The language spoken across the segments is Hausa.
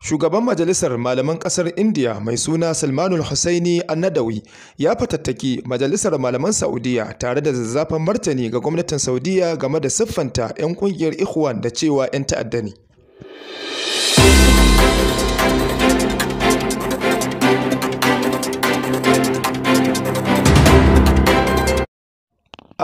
Shugaban Majalisar Malaman Ƙasar Indiya mai suna Salmanul Hussaini Annadawi ya fatattaki Majalisar Malaman Saudiya tare da zazzafan martani ga gwamnatin Saudiya game da siffanta 'yan ƙungiyar Ikhwan da cewa 'yan ta'adda ne.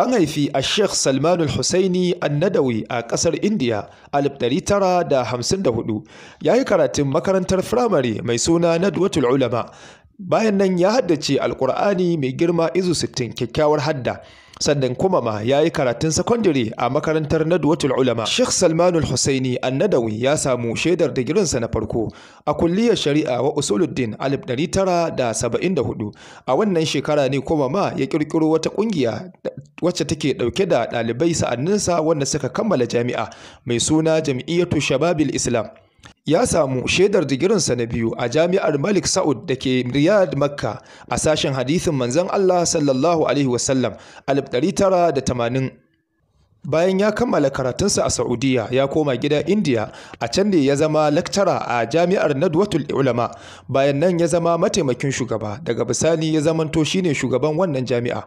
An haifi a Sheikh Salman al-Husaini Annadawi a ƙasar Indiya a 1954. Ya yi karatun makarantar firamare mai suna Nadwatul Ulama. Bayan nan ya haddace Alƙur'ani mai girma izu 60 kyakkyawar hadda. sannan kuma ma ya yi karatun sakandare a makarantar nadwatul ulama sheikh salmanul husaini annadawi ya samu shaidar digirinsa na farko a kulliyar shari'a wa usuluddin 1974 a wannan shekara ne kuma ma ya kirkiro wata kungiya wacce take dauke da ɗalibai sa'anninsa wanda suka kammala jami'a mai suna jam'iyyatu shababil islam ya samu shaidar digirinsa na biyu a jami'ar malik sa'ud da ke riyad makka a sashen hadithin manzon allah sallallahu alaihi wasallam 1980 bayan ya kammala karatunsa a saudiya ya koma gida india a can ne ya zama laktara a jami'ar nadwatul ulama bayan nan ya zama mataimakin shugaba daga bisani ya zamanto shine shugaban wannan jami'a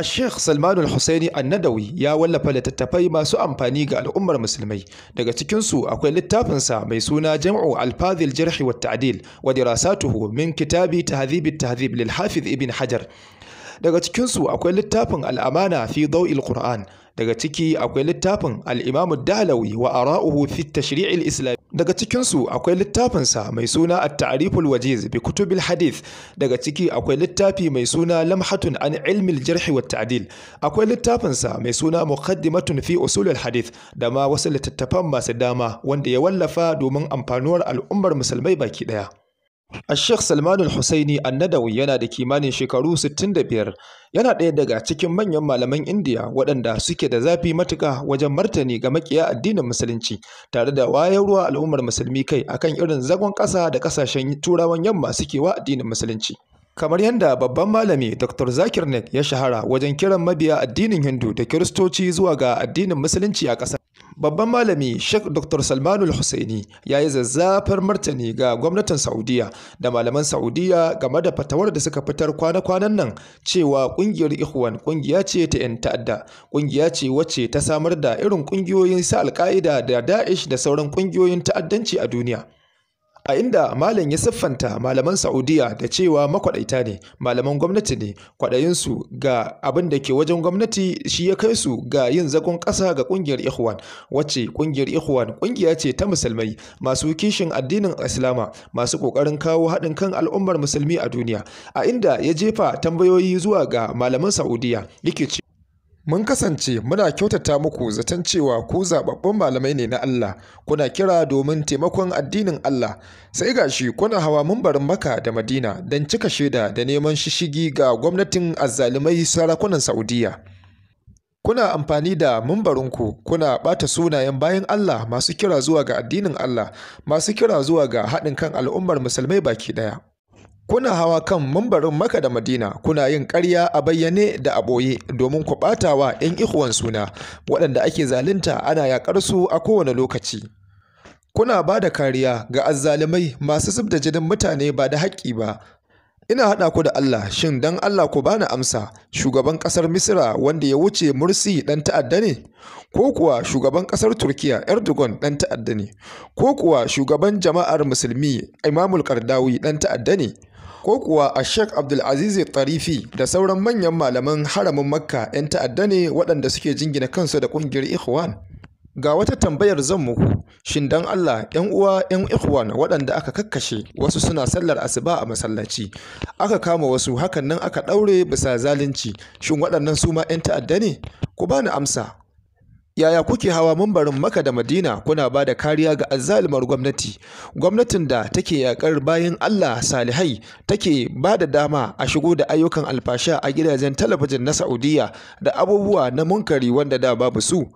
الشيخ سلمان الحسيني الندوي يا ولا فلت التفاي ما سو أمباني غا الأمر مسلمي دغا تكنسو أكوين للتافنسا ميسونا جمع الفاذي الجرح والتعديل ودراساته من كتاب تهذيب التهذيب للحافظ ابن حجر daga cikinsu akwai littafin al'amana fi dau'il qur'an daga ciki akwai littafin al'imamu dalawi wa ara'uhu fi tashri'il islami daga cikinsu akwai littafinsa mai suna at-ta'riful wajiz bi kutubil hadith daga ciki akwai littafi mai suna lamhatun an ilmil jarhi wa ta'dil akwai littafinsa mai suna muqaddimatun fi usulil hadith da ma wasu littattafan masu dama wanda ya wallafa domin amfanuwar al'ummar musulmai baki daya Sheikh Salmanu al-Husaini Annadawi yana da kimanin shekaru 65 yana ɗaya daga cikin manyan malaman Indiya waɗanda suke da zafi matuka wajen martani ga makiya addinin musulunci tare da wayarwa al'ummar musulmi kai akan irin zagon ƙasa da ƙasashen turawan yamma suke wa addinin musulunci. Kamar yadda babban malami Dr. Zakir Naik ya shahara wajen kiran mabiya addinin Hindu da Kiristoci zuwa ga addinin musulunci a ƙasar. babban malami Sheikh Dr. Salmanul Husaini ya yi zazzafar martani ga gwamnatin Saudiya da malaman Saudiya game da fatawar da suka fitar kwana-kwanan nan cewa kungiyar Ikhwan kungiya ce ta 'yan ta'adda, kungiya ce wacce ta samar da irin kungiyoyin sa al da Da'ish da sauran kungiyoyin ta'addanci a duniya. a inda malam ya siffanta malaman Saudiya da cewa makwaɗaita ne malaman gwamnati ne kwaɗayinsu ga abin da ke wajen gwamnati shi ya kai su ga yin zagon ƙasa ga ƙungiyar Ikhwan wacce ƙungiyar Ikhwan ƙungiya ce ta musulmai masu kishin addinin Islama masu ƙoƙarin kawo haɗin kan al'ummar musulmi a duniya a inda ya jefa tambayoyi zuwa ga malaman Saudiya yake Mun kasance muna kyautata muku zaton cewa ku zaɓaɓɓun malamai ne na Allah, kuna kira domin taimakon addinin Allah, sai gashi kuna hawa mumbarin Makka da Madina don cika shaida da neman shishigi ga gwamnatin azzalumai sarakunan Saudiya. Kuna amfani da mumbarinku kuna ɓata sunayen bayan Allah masu kira zuwa ga addinin Allah, masu kira zuwa ga haɗin kan al'ummar musulmai baki ɗaya. kuna hawa kan mambarin maka da madina kuna yin ƙarya a bayyane da a ɓoye domin ku ɓata wa 'yan ihuwan suna waɗanda ake zalunta ana yaƙar su a kowane lokaci kuna ba da kariya ga azzalumai masu zub da jinin mutane ba da haƙƙi ba ina haɗa ku da Allah shin dan Allah ku bani amsa shugaban ƙasar Misira wanda ya wuce Mursi ɗan ta'adda ne ko kuwa shugaban ƙasar Turkiya Erdogan dan ta'adda ne ko kuwa shugaban jama'ar musulmi Imamul Qardawi ɗan ta'adda ne ko kuwa a sheikh abdulaziz tarifi da sauran manyan malaman haramin makka 'yan ta'adda ne waɗanda suke jingina kansu da ƙungiyar ikhwan ga wata tambayar zan muku shin dan Allah yan uwa yan ikhwan waɗanda aka kakkashe wasu suna sallar asuba a masallaci aka kama wasu hakan nan aka ɗaure bisa zalunci shin waɗannan su ma yan ta'adda ne ku bani amsa yaya kuke hawa mumbarin maka da madina kuna ba da kariya ga azzalumar gwamnati gwamnatin da take yakar bayan allah salihai take ba da dama a shigo da ayyukan alfasha a gidajen talabijin na saudiya da abubuwa na munkari wanda da babu su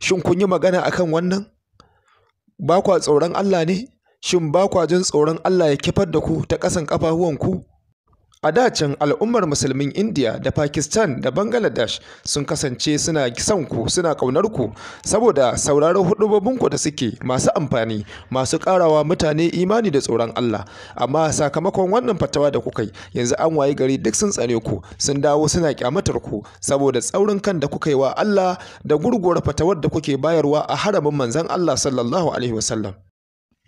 shin kun yi magana akan wannan ba kwa tsoron allah ne shin ba kwa jin tsoron allah ya kifar da ku ta ƙasan ƙafafuwanku A da can al'ummar musulmin Indiya da Pakistan da Bangladesh sun kasance suna son ku suna ƙaunar ku saboda sauraron hudubobinku da suke masu amfani masu ƙarawa mutane imani da tsoron Allah amma sakamakon wannan fatawa da kuka yi yanzu an wayi gari duk sun tsare ku sun dawo suna kyamatar ku saboda tsaurin kan da kuka wa Allah da gurguwar fatawar da kuke bayarwa a haramin manzon Allah sallallahu alaihi wasallam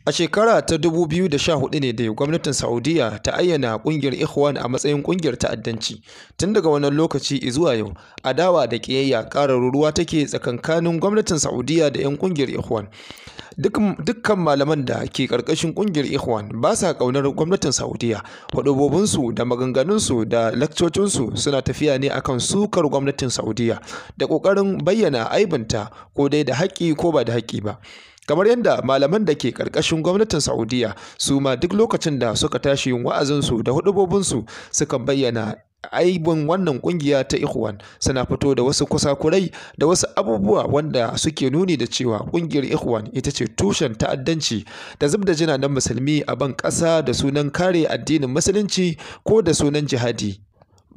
A shekara ta 2014 ne dai gwamnatin Saudiya ta ayyana kungiyar Ikhwan a matsayin kungiyar ta'addanci. Tun daga wannan lokaci zuwa yau, adawa da kiyayya ƙara ruwa take tsakankanin gwamnatin Saudiya da 'yan kungiyar Ikhwan. Dukkan malaman da ke karkashin kungiyar Ikhwan ba sa ƙaunar gwamnatin Saudiya. Hudubobinsu da maganganunsu da lakcocinsu suna tafiya ne akan sukar gwamnatin Saudiya da ƙoƙarin bayyana aibinta ko dai da haƙƙi ko ba da haƙƙi ba. kamar yadda malaman da ke ƙarƙashin gwamnatin saudiya su ma duk lokacin da suka tashi yin wa'azinsu da hudubobinsu suka bayyana aibin wannan kungiya ta ikhwan suna fito da wasu kusakurai da wasu abubuwa wanda suke nuni da cewa kungiyar ikhwan ita ce tushen ta'addanci da zubda na musulmi a ban ƙasa da sunan kare addinin musulunci ko da sunan jihadi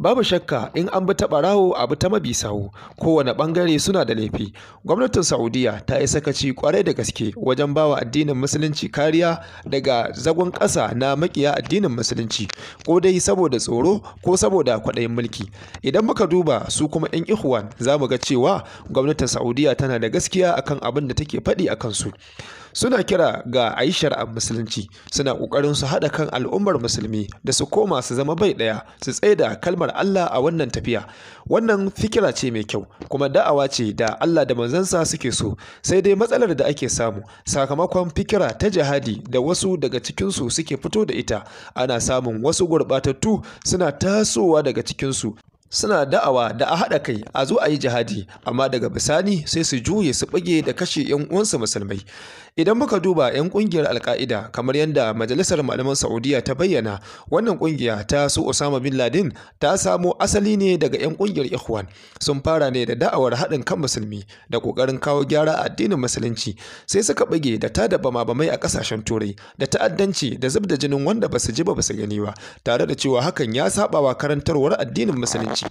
babu shakka in an bi ta barawo abu ta mabi sawu kowane bangare suna da laifi gwamnatin saudiya ta yi sakaci kwarai da gaske wajen bawa addinin musulunci kariya daga zagon ƙasa na makiya addinin musulunci ko dai saboda tsoro ko saboda kwaɗayin mulki idan muka duba su kuma yan ihuwan za mu ga cewa gwamnatin saudiya tana da gaskiya akan abin da take faɗi a kansu suna kira ga a musulunci suna ƙoƙarin su haɗa kan al'ummar musulmi da su koma su zama bai ɗaya su tsaida kalmar Allah a wannan tafiya wannan fikira ce mai kyau kuma da'awa ce da Allah da manzansa suke so sai dai matsalar da ake samu sakamakon fikira ta jihadi da wasu daga cikinsu suke fito da ita ana samun wasu gurɓatattu suna tasowa daga cikinsu suna da'awa da a haɗa kai a zo a yi jihadi amma daga bisani sai su juye su ɓage da kashe 'yan uwansu musulmai Idan muka duba 'yan kungiyar alka'ida kamar yadda Majalisar Malaman Saudiya ta bayyana, wannan kungiya ta su Osama bin Laden ta samo asali ne daga 'yan kungiyar Ikhwan. Sun fara ne da da'awar haɗin kan musulmi da ƙoƙarin kawo gyara a addinin musulunci. Sai suka bage da ta daba ma bamai a ƙasashen Turai, da ta'addanci da zub da jinin wanda basu su ji ba su gani ba, tare da cewa hakan ya saɓawa karantarwar addinin musulunci.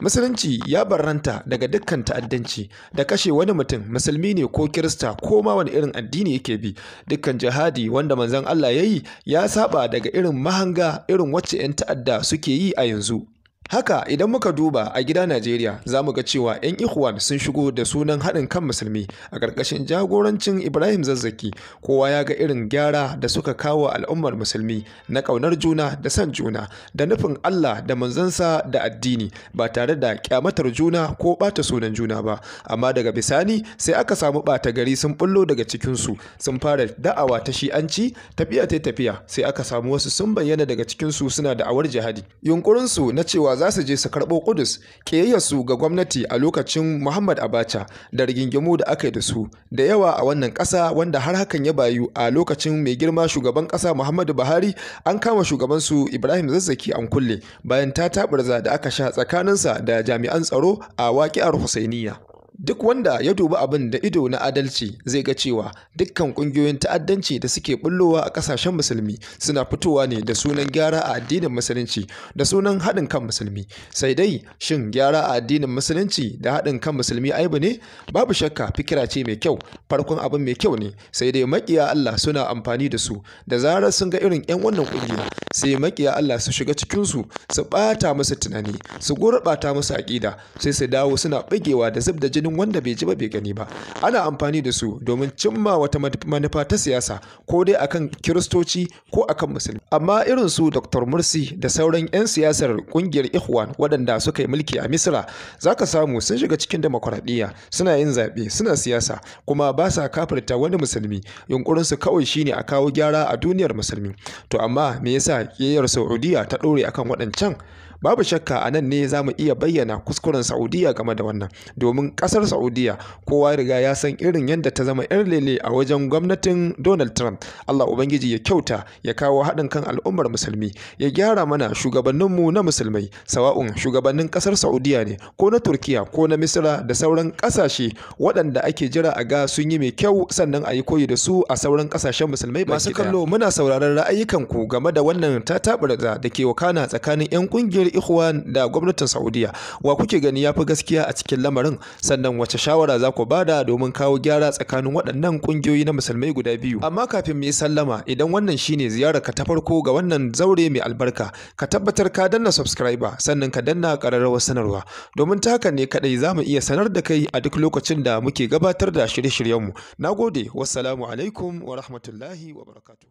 musulunci ya barranta daga dukkan ta'addanci da kashe wani mutum musulmi ne ko kirista ko ma wani irin addini yake bi dukkan jihadi wanda manzon Allah ya yi ya saba daga irin mahanga irin wacce 'yan ta'adda suke yi a yanzu Haka idan muka duba a gida Najeriya za mu ga cewa 'yan ikhwan sun shigo da sunan haɗin kan musulmi a ƙarƙashin jagorancin Ibrahim Zazzaki kowa ya ga irin gyara da suka kawo al'ummar musulmi na ƙaunar juna da san juna da nufin Allah da manzansa da addini ba tare da kyamatar juna ko bata sunan juna ba amma daga bisani sai aka samu ɓata gari sun bullo daga cikinsu sun fara da'awa ta shi'anci tafiya ta tafiya sai aka samu wasu sun bayyana daga cikinsu suna da awar jihadi yunkurinsu na cewa za su je su karɓo Kudus su ga gwamnati a lokacin Muhammad Abacha da rigingimu da aka yi da su da yawa a wannan ƙasa wanda har hakan ya bayu a lokacin mai girma shugaban ƙasa Muhammadu Buhari an kama shugabansu Ibrahim Zazzaki an kulle bayan ta taɓarza da aka sha tsakaninsa da jami'an tsaro a waƙi'ar Husainiya. Duk wanda ya dubi abin da ido na adalci zai ga cewa dukkan ƙungiyoyin ta'addanci da suke bullowa a kasashen musulmi suna fitowa ne da sunan gyara a addinin musulunci da sunan haɗin kan musulmi. Sai dai shin gyara a addinin musulunci da haɗin kan musulmi aibu ne? Babu shakka fikira ce mai kyau, farkon abin mai kyau ne, sai dai makiya Allah suna amfani da su da zarar sun ga irin 'yan wannan kungiya sai makiya Allah su shiga cikin su su ɓata musu tunani su gurɓata musu aƙida sai su dawo suna ɓagewa da zub da jini ganin wanda bai ji ba bai gani ba ana amfani da su domin cimma wata manufa ta siyasa ko dai akan kiristoci ko akan musulmi amma irin su dr mursi da sauran 'yan siyasar kungiyar ikhwan waɗanda suka yi mulki a misira za ka samu sun shiga cikin demokuraɗiyya suna yin zaɓe suna siyasa kuma ba sa kafirta wani musulmi yunkurinsu kawai shine a kawo gyara a duniyar musulmi to amma me yasa ƙiyayyar saudiya ta ɗore akan waɗancan babu shakka a nan ne za mu iya bayyana kuskuren saudiya game da wannan domin kasar saudiya kowa riga ya san irin yadda ta zama yar lele a wajen gwamnatin donald trump allah ubangiji ya kyauta ya kawo haɗin kan al'ummar musulmi ya gyara mana shugabanninmu na musulmai sawa'un shugabannin kasar saudiya ne ko na turkiya ko na misira da sauran kasashe waɗanda ake jira a ga sun yi mai kyau sannan a yi koyi da su a sauran kasashen musulmai masu kallo muna sauraron ra'ayikanku game da wannan tataɓar da ke wakana tsakanin 'yan kungiyar. ƙungiyar ikhwan da gwamnatin saudiya wa kuke gani ya fi gaskiya a cikin lamarin sannan wace shawara za ku bada domin kawo gyara tsakanin waɗannan ƙungiyoyi na musulmai guda biyu amma kafin mu yi sallama idan wannan shine ziyarar ka ta farko ga wannan zaure mai albarka ka tabbatar ka danna subscriber sannan ka danna ƙararrawar sanarwa domin ta haka ne kaɗai za mu iya sanar da kai a duk lokacin da muke gabatar da shirye-shiryenmu na gode wassalamu alaikum wa rahmatullahi wa barakatuh